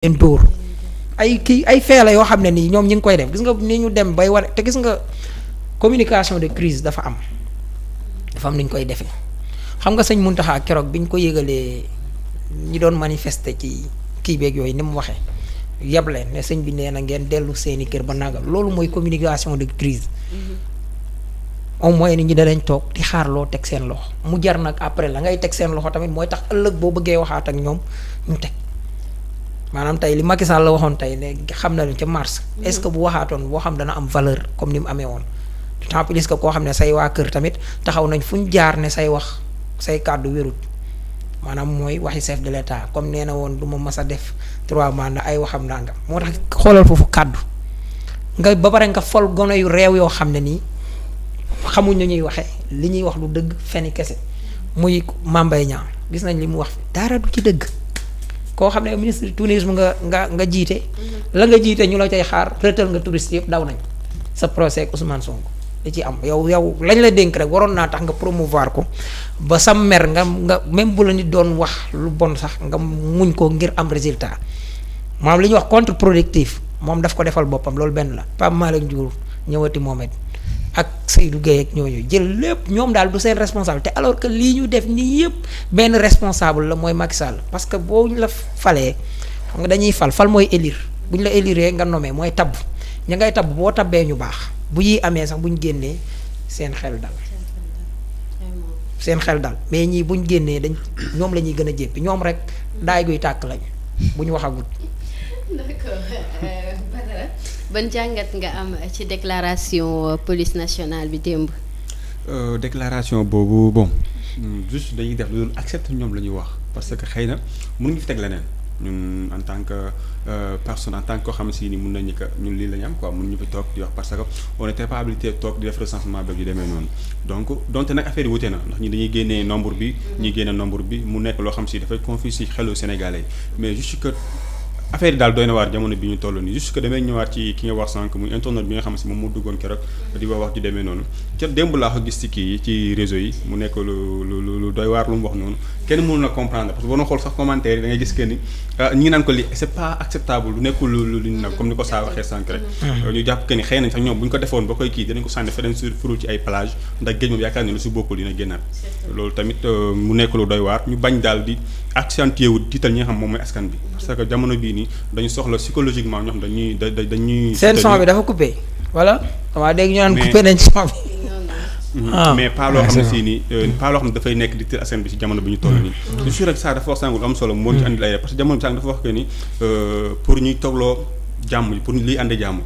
leen dóor ay kii ay fee la yoo xam ne nii ñoom ñu ngi koy def gis nga ni ñu dem bay war te gis nga communication de crise dafa am dafa am ni ñu koy defee xam nga sëñ mun Muntaxa keroog bi ñu ko yëgalee ñi doon manifester ci kii beeg yooyu ni mu waxee yab leen ne sëñ bi nee na ngeen dellu seeni kër ba nangam loolu mooy communication de crise mm-hmm. au moins ni ñi danañ toog di xaar loo teg seen loxo mu jar nag après la ngay teg seen loxo tamit mooy tax ëllëg boo bëggee waxaat ak ñoom ñu teg. maanaam tey li Macky Sall la waxoon tey ne xam na nañu ca mars. Mm-hmm. est ce que bu waxaatoon boo xam dana am valeur comme ni mu amee woon. tant plus que ne say waa kër tamit taxaw nañ fu ñu jaar ne say wax say kàddu wérut maanaam mooy waxi chef de l' état comme nee na woon du ma mës a def trois mandats ay waxam nangam moo tax xoolal foofu kàddu nga ba pare nga fol gone yu reew yoo xam ne nii xamuñ na ñuy waxee li ñuy wax lu dëgg fenn kese muy Mame Mbaye Niang gis nañ li mu wax dara du ci dëgg. koo xam ne ministre tourisme nga nga nga jiite. la nga jiite ñu la cay xaar rëtal nga touriste yëpp daw nañ sa procès ak Ousmane Sonko da ci am yow yow lañ la dénk rek waroon naa tax nga promovoir ko ba sam mer nga nga même bu la nit doon wax lu bon sax nga muñ ko ngir am résultat maam li ñuy wax contre productif moom daf ko defal boppam loolu benn la Pape Malick Diouf ñëwati moom it ak Seydou Gueye ak ñooñu jël lépp ñoom daal du seen responsable te alors que lii ñu def nii yëpp benn responsable la mooy Macky Sall parce que boo ñu la falee xam nga dañuy fal fal mooy élire bu ñu la éliree nga nommé mooy tabb ñu ngay tabb boo tabee ñu baax bu ñuy amee sax bu ñu génnee seen xel dal seen xel dal mais ñii bu ñu génnee dañ ñoom la ñuy gën a jéppi ñoom rek daay guy tàkk lañu bu ñu waxagut. d'accord. Euh, ban jàngat nga am ci déclaration euh, police nationale bi démb. Euh, déclaration boobu bon juste dañuy def lu doon accepter ñoom la ñuy wax parce que xëy na mën nga fi teg leneen ñun en tant que euh, personne en tant que koo xam si ni mun nañu ko ñun lii la ñu am quoi ñu fi toog di wax parce que on était pas habilité toog di def recensement beeg yu demee noonu donc donte nag affaire yi wute na ndax ñi dañuy génnee nombre bi. ñuy génne nombre bi mu nekk loo xam si dafay confus si xelu Sénégalais mais juste que. affaire yi daal doy na waar jamono bi ñu toll nii juste que damay ñëwaat ci ki nga wax sànq muy internet bi nga xam si moom moo duggoon keroog di ko wax ju demee noonu ca démb laa ko gis ci kii ci réseau yi mu nekk lu lu lu doy waar lu mu wax noonu kenn mënu na comprendre parce que boo xool sax commentaire yi gis que ni Euh, ñi ngi naan ko li c'est pas acceptable lu nekkul lu lu ñu naan comme ni ko saa waxee sànq mm-hmm. euh, ñu jàpp que ni xëy sax ñoom bu ñu ko defoon ba koy kii dinañ sànni feneen sur ci ay plage ndax géej moom yaakaar ne lu si bokkul dina génnaat loolu tamit euh, mu nekk doy waar ñu bañ daal di accentuer wu tiital ñi xam moom mooy askan bi parce que jamono bii nii dañu soxla psychologiquement ñoo xam dañuy dañuy seen son ñu naan Ah. mais pas loo xam ne si ni euh, xam ne dafay nekk di tir askan bi si jamono bi ñu toll nii du sur rek sax dafa wax sàngul am solo moo ci andil ay parce que jamono bi sax dafa wax que ni euh, pour mm.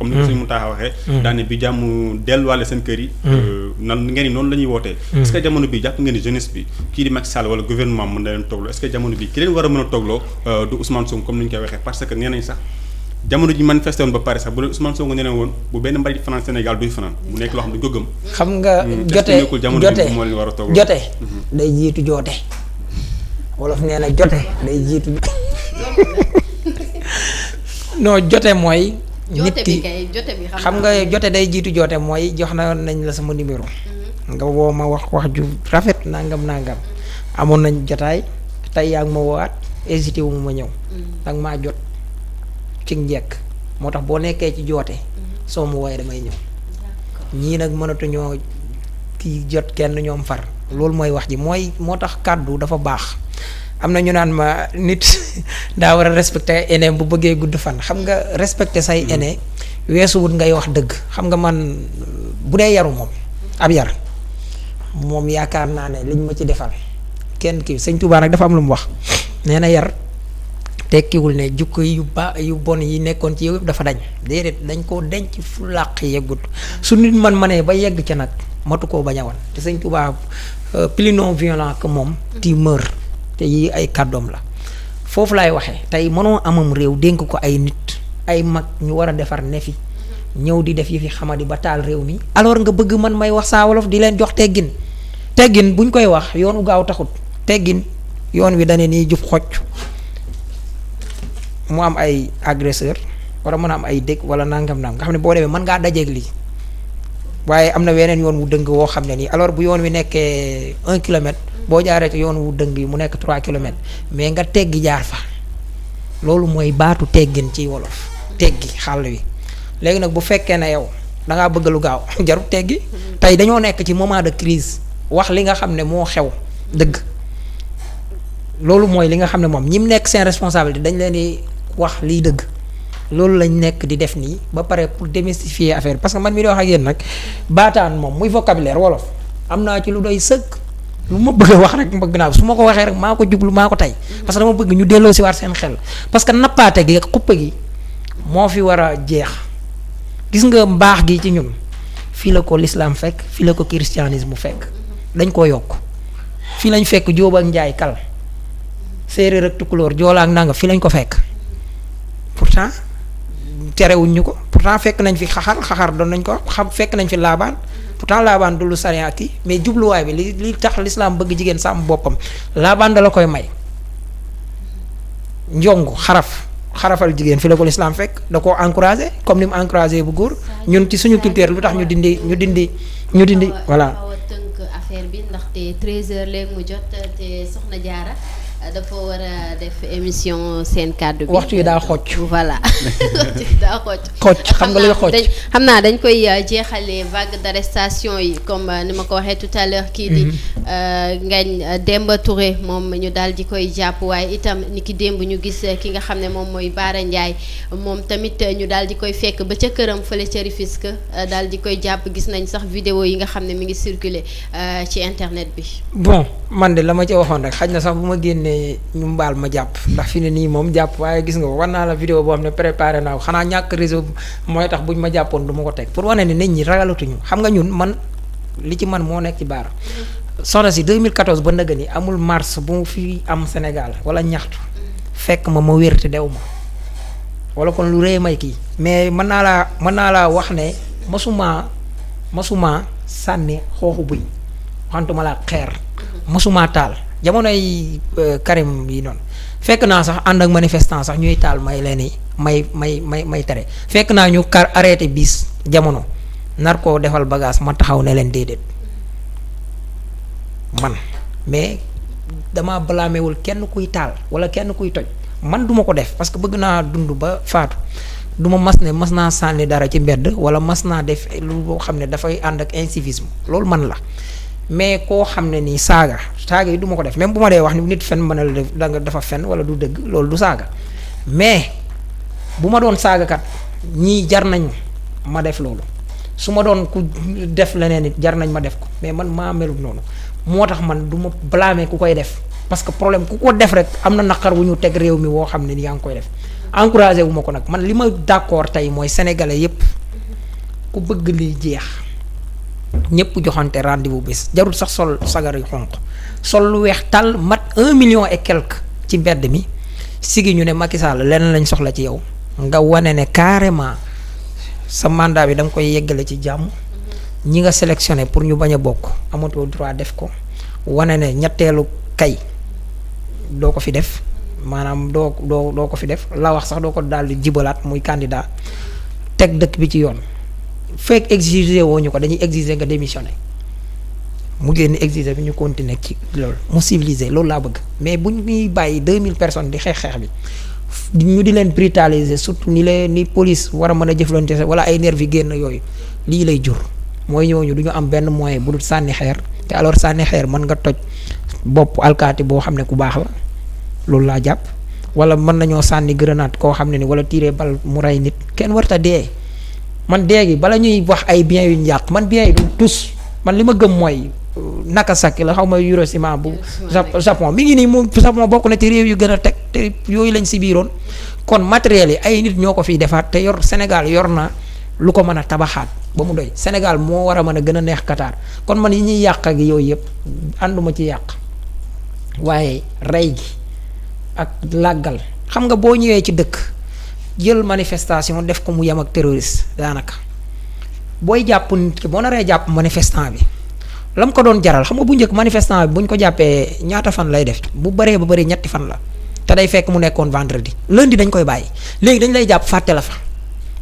waxee mm. daane bi mm. euh, que jamono bi jàpp ngeen ni bi kii di Macky Sall wala gouvernement mën na leen togloo est que jamono bi ki leen war a mën a togloo du Ousmane Sonko comme ni koy waxee parce que nee nañ sax jamono ji manifesté woon ba pare sax bu Ousmane Sonko ne leen woon bu benn mbari fanaan Sénégal duy fanaan mu nekk loo xam ne du ko gëm. xam nga jotee mm, jotee moo leen war a toog jotee mm-hmm. day jiitu joote. wolof nee na jote day jiitu non jote mooy. nit xam nga jote day jiitu joote mooy jox na nañ la sama numéro. Mm-hmm. nga woo ma wax wax ju rafet nangam nangam amoon nañ jotaay tey yaa ngi ma woowaat hésité wu ma ñëw. Mm-hmm. danga maa jot. ci njekk moo tax boo nekkee ci joote mm-hmm. soo mu wooyee damay ñëw ñii nag mënatuñoo kii jot kenn ñoom far loolu mooy wax ji mooy moo tax kàddu dafa baax am na ñu naan ma nit daa war a respecter aîné bu bëggee gudd fan xam nga respecter say aîné mm-hmm. weesuwut ngay wax dëgg xam nga man bu dee yaru moom mm-hmm. ab yar moom yaakaar naa ne liñ ma ci defal kenn kii sëñ Tuubaa nag dafa am lu mu wax nee na yar tekkiwul ne jukk yu ba yu bon yi nekkoon ci yow yëpp dafa dañ déedéet dañ koo denc fu làq yeggut su nit man manee ba yegg ca nag matu koo bañ a wan te sëñ Tuubaa euh, plus non violent que moom ti meur te yi ay kàddoom la foofu lay waxee tey mënoo amam réew dénk ko ay nit ay mag ñu war a defar ne fi ñëw di def yi fi xamadi ba taal réew mi alors nga bëgg man may wax saa wolof di leen jox teggin teggin buñ koy wax yoonu gaaw taxut teggin yoon wi dana nii jub xocc mu am ay agresseur wala mën a am ay dëkk wala nangam naam nga xam ne boo demee man ngaa dajeeg lii waaye am na weneen yoon wu dëng woo xam ne nii alors bu yoon wi nekkee un kilomètre boo jaaree ci yoon wu dëng yi mu nekk trois kilomètres mais nga teggi jaar fa loolu mooy baatu teggin ci wolof teggi xàll wi léegi nag bu fekkee ne yow da ngaa bëgg lu gaaw jarut teggi tey dañoo nekk ci moment de crise wax li nga xam ne moo xew dëgg loolu mooy li nga xam ne moom ñi mu nekk seen responsabilité dañ leen wax liy dëgg loolu lañ nekk di def nii ba pare pour démystifier affaire parce que man mi di wax nag baataan moom muy vocabulaire wolof am naa ci lu doy sëkk lu ma bëgg a wax rek bëgg naa su ma ko waxee rek maa ko jublu maa ko tey parce que dama bëgg ñu delloo si waat seen xel parce que nappaate gi ak xuppe gi moo fi war a jeex gis nga mbaax gi ci ñun fii la ko l'islam fekk fii la ko christianisme fekk dañ koo yokk fii lañ fekk jóobal ak njaay kal séeréer ak tukulóor joolaa fii lañ ko fekk pourtant terewuñ ñu ko pourtant fekk nañ fi xaxar xaxar doon nañ ko xam fekk nañ fi laabaan pourtant laabaan du lu yi mais jubluwaay bi li li tax lislaam bëgg jigéen sàmm boppam laabaan da la koy may njong xaraf xarafal jigéen fi la ko lislaam fekk da ko encouragé comme ni mu encouragé bu góor ñun ci suñu culture lu tax ñu dindi ñu dindi ñu dindi voilà affaire bi ndaxte 13 heures mu jot te dafa war a def émission seen kàddu bi. waxtu yi daa xocc. voilà waxtu yi daa xocc. xocc xam nga luy xocc xam naa dañ koy euh, jeexalee vague d'arrestation yi comme euh, ni ma ko waxee tout à kii di mhm. euh, Ngagne Demba Touré moom ñu daal di koy jàpp itam ni ki démb ñu gis ki nga xam ne moom mooy Baara Ndiaye moom tamit ñu daal di koy fekk ba ca këram fële ca Rufisque daal di koy jàpp gis nañ sax vidéo yi nga xam ne mi ngi circuler ci internet bi. man de la ma ci waxoon rek xaj na sax bu ma génnee ñu mbaal ma jàpp ndax fi ne nii moom jàpp waaye gis nga ko war naa la vidéo boo xam ne préparé naa ko xanaa ñàkk réseau mooy tax buñ ma jàppoon du ma ko teg pour wane ne nit ñi ragalatuñu xam nga ñun man li ci man moo nekk ci baar soxna si mille 2014 ba nëgë ni amul mars bu mu fi am Sénégal wala ñaxtu fekk ma ma wér te dew ma wala kon lu rëy may kii mais mën naa laa mën naa laa wax ne masuma masuma sànni xooxu buy waxantuma laa xeer. mosuma taal jamonoy euh, Karim yi noonu fekk naa sax ànd ak manifestant sax ñuy taal may leen may may may may tere fekk naa ñu kar arrêté biis jamono nar koo defal bagage ma taxaw ne leen déedéet man mais dama balaamewul kenn kuy taal wala kenn kuy toj man duma ko def parce que bëgg naa dund ba faatu duma mas ne mas naa sànni dara ci mbedd wala mas naa def lu boo xam ne dafay ànd ak incivisme loolu man la mais koo xam ne nii saaga saaga yi duma ko def même bu ma dee wax ni nit fen mën a la da dafa fen wala du dëgg loolu du saaga mais bu ma doon saagakat ñii jar nañu ma def loolu su ma doon ku def leneen it jar nañ ma def ko mais man maa melut noonu moo tax man du ma blâmer ku koy def parce que problème ku ko def rek am na naqar wu ñu teg réew mi woo xam ne yaa ngi koy def encouragé wu ma ko nag man li ma d'accord tey mooy sénégalais yépp ku bëgg liy jeex ñëpp joxante rendez-vous bés jarul sax sol sagar yu xonq sol lu weex tàll mat un million et quelque ci mbedd mi sigi ñu ne Macky leneen lenn lañ soxla ci yow nga wane ne carrément sa mandat bi da nga koy yeggale ci jàmm ñi nga sélectionné pour ñu bañ a bokk amatoo droit def ko wane ne ñetteelu kay doo ko fi def maanaam doo doo doo ko fi def la wax sax doo ko daal di jibalaat muy candidat teg dëkk bi ci yoon fekk exiger woo ñu ko dañuy exiger nga démissionné mu génn exiger bi ñu continuer ci loolu mu civiliser loolu laa bëgg mais bu ñuy bàyyi mille personnes di xeex xeex bi ñu di leen brutaliser surtout ni leen ni police war a mën a jëflante wala ay nervi génn yooyu lii lay jur mooy ñooñu du ñu am benn moyen bu dul sànni xeer te alors sànni xeer mën nga toj bopp alkaati boo xam ne ku baax la loolu laa jàpp wala mën nañoo sànni grenade koo xam ne ni wala tiré bal mu rey nit kenn warta dee man déegi bala ñuy wax ay biens yu ñu yàq man biens yi tus man li ma gëm mooy naka Nagasaki la xaw ma Hiroshima bu Japon mi ngi nii moom Japon bokk na ci réew yu gën a teg te yooyu lañ si biiroon kon matériels yi ay nit ñoo ko fiy defaat te yor Sénégal yor na lu ko mën a tabaxaat ba mu doy Sénégal moo war a mën a gën a neex Qatar kon man yi ñuy yàq ak yooyu yëpp ànduma ci yàq waaye rey gi ak làggal xam nga boo ñëwee ci dëkk jël manifestation def ko mu yem ak terroriste daanaka booy jàpp nit ki boo naree jàpp manifestant bi lam ko doon jaral xam nga bu njëkk manifestant bi bu ñu ko jàppee ñaata fan lay def bu baree ba bëri ñetti fan la te day fekk mu nekkoon vendredi lundi dañ koy bàyyi léegi dañ lay jàpp fàtte la fa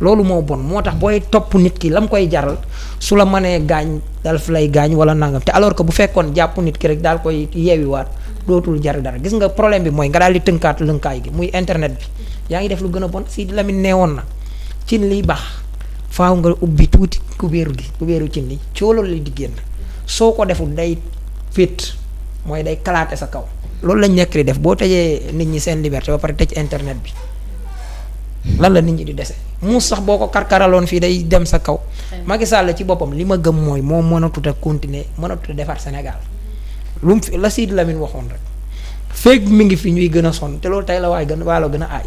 loolu moo bon moo tax booy topp nit ki la mu koy jaral su la mënee gaañ dal fi lay gaañ wala nangam te alors que bu fekkoon jàpp nit ki rek daal koy yeewiwaat dootul jar dara gis nga problème bi mooy nga daal di tënkaat lënkaay gi muy internet bi yaa ngi def lu gën a bon si Lamine nee woon na cin liy baax faaw nga ubbi tuuti kubéeru gi kubéeru cin li coolal li di génn soo ko deful day féet mooy day kalaate sa kaw loolu lañ nekk di def boo tëjee nit ñi seen liberté ba pare tëj internet bi lan la nit ñi di dese muus sax boo ko karkaraloon fii day dem sa kaw Macky Sall ci boppam li ma gëm mooy moo mënatut a continuer mënatut a defar Sénégal lu mu fi la Sidi Lamine waxoon rek feeg mi ngi fi ñuy gën a sonn te loolu tey la waay gën waalo gën a aay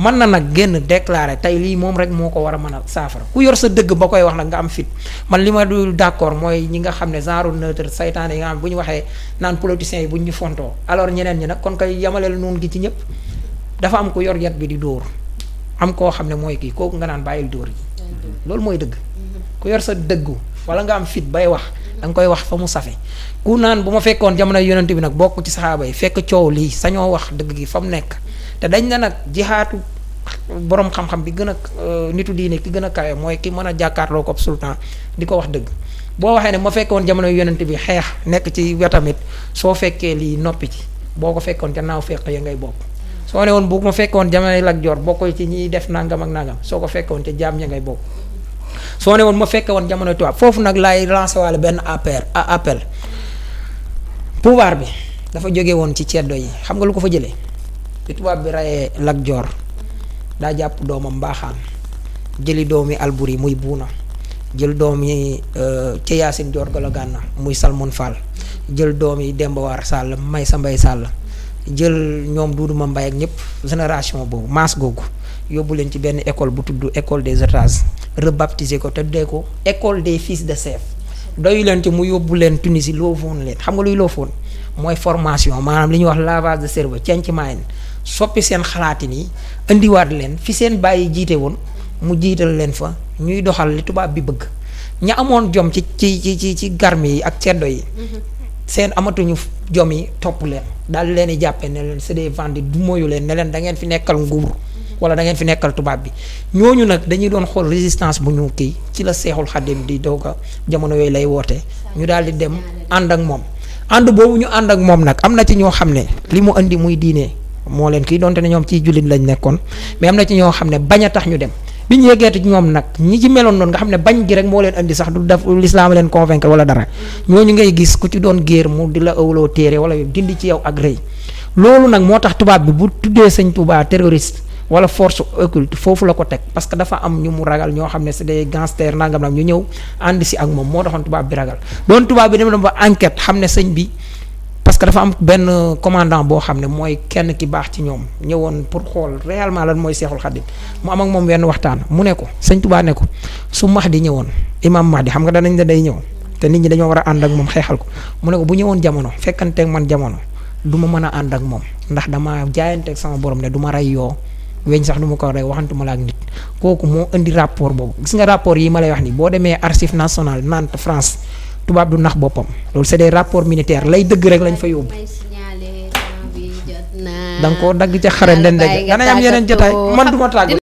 man mhm. na nag génn déclaré tey lii moom rek moo ko war a mën a saafara ku yor sa dëgg ba koy wax nag nga am fit man li ma dul d'accord mooy ñi nga xam ne genre neutre saytaane yi bu ñu waxee naan politiciens yi bu ñu fontoo alors ñeneen ñi nag kon koy yamaleel noonu gi ci ñëpp dafa am ku yor yat bi di dóor am koo xam ne mooy kii kooku nga naan bàyyil dóor yi loolu mooy dëgg mhm. ku yor sa dëggu wala nga am fit bay wax da nga koy wax fa mu safe ku naan bu ma fekkoon jamono yonent bi nag bokk ci saxaaba yi fekk coow lii sañoo wax dëgg gi fa mu nekk te dañ na nag jihaatu borom xam-xam bi gën a euh, nitu diine ki gën a kawe mooy ki mën a jàkkaarloo ko sultan di ko wax dëgg boo waxee ne ma fekkoon jamono yonant bi xeex nekk ci wetamit soo fekkee lii noppi ci boo ko fekkoon te naaw fekk ya ngay bokk soo ne woon bu ma fekkoon jamono Lat Joor bokk ci ñiy def nangam nangam soo ko fekkoon te jaam ya ngay bokk soo ne woon ma fekke woon jamono tubaab foofu nag laay lancé waale benn appel appel pouvoir bi dafa jóge woon ci ceddo yi xam nga lu ko fa jëlee bi tubaab bi rayee Lat Joor daa jàpp doomam mbaaxaan jëli doomi Alburi muy buuna jël doom yi euh, ca Yaasin Joor Golo Gànna muy Salmon Fall jël doom yi Demba Sall may sa mbay Sall jël ñoom duuduma mbay ak ñëpp génération boobu maas googu yóbbu leen ci benn école bu tudd école des otages rebaptiser ko te tuddee ko école des fils de Sèvres doyu leen ci mu yóbbu leen Tunisie loofoon leen xam nga luy loofoon mooy formation maanaam li ñuy wax lavage de cerveau cenc maayen soppi seen xalaatin yi indiwaat leen fi seen bàyyi jiite woon mu jiital leen fa ñuy doxal li tubaab bi bëgg ñu amoon jom ci ci ci ci ci garmi yi ak ceddo yi mhm. seen amatuñu jom yi topp leen daal leen di jàppee ne leen c'est des vendus du mooyu leen ne leen da ngeen fi nekkal nguur wala da fi nekkal tubaab bi ñooñu nag dañuy doon xool résistance bu ñu kii ci la seexul xaddim di doog a jamono yooyu lay woote ñu daal di dem ànd ak moom ànd boobu ñu ànd ak moom nag am na ci ñoo xam ne li mu indi muy diine moo leen kii donte ne ñoom ciy jullit lañ nekkoon mais na ci ñoo xam ne bañ a tax ñu dem bi ñu yeggeeti ñoom nag ñi ci meloon noonu nga xam ne bañ gi rek moo leen indi sax du def lislaam leen convaincre wala dara ñooñu ngay gis ku ci doon géer mu di la ëwloo téere wala dindi ci yow ak rëy loolu nag moo tax tubaab bi bu tuddee sëñ Tuubaa terroriste wala force occulte foofu la ko teg parce que dafa am ñu mu ragal ñoo xam ne c'est des gangsters nangam nag ñu ñëw ànd si ak moom moo taxoon tubaab bi ragal doon tubaab bi dem na ba enquête xam ne sëñ bi parce que dafa am benn commandant boo xam ne mooy kenn ki baax ci ñoom ñëwoon pour xool réellement lan mooy Seexul Xadim mu am ak moom wenn waxtaan mu ne ko sëñ Tuubaa ne ko su max di ñëwoon imam Mahdi xam nga danañ ne day ñëw te nit ñi dañoo war a ànd ak moom xeexal ko mu ne ko bu ñëwoon jamono fekkanteeg man jamono du ma mën a ànd ak moom ndax dama jaayanteeg sama borom ne du ma rey yoo weñ sax du ma ko wax rek waxantuma la ak nit kooku moo indi rapport boobu gis nga rapport yi ma lay wax ni boo demee archive nationale Nantes France tubaab du nax boppam loolu c'est des rapports militaires lay dëgg rek lañ fa yóbbu. da nga koo dagg ca xare ndende danañ am yeneen jotaay man du tàgg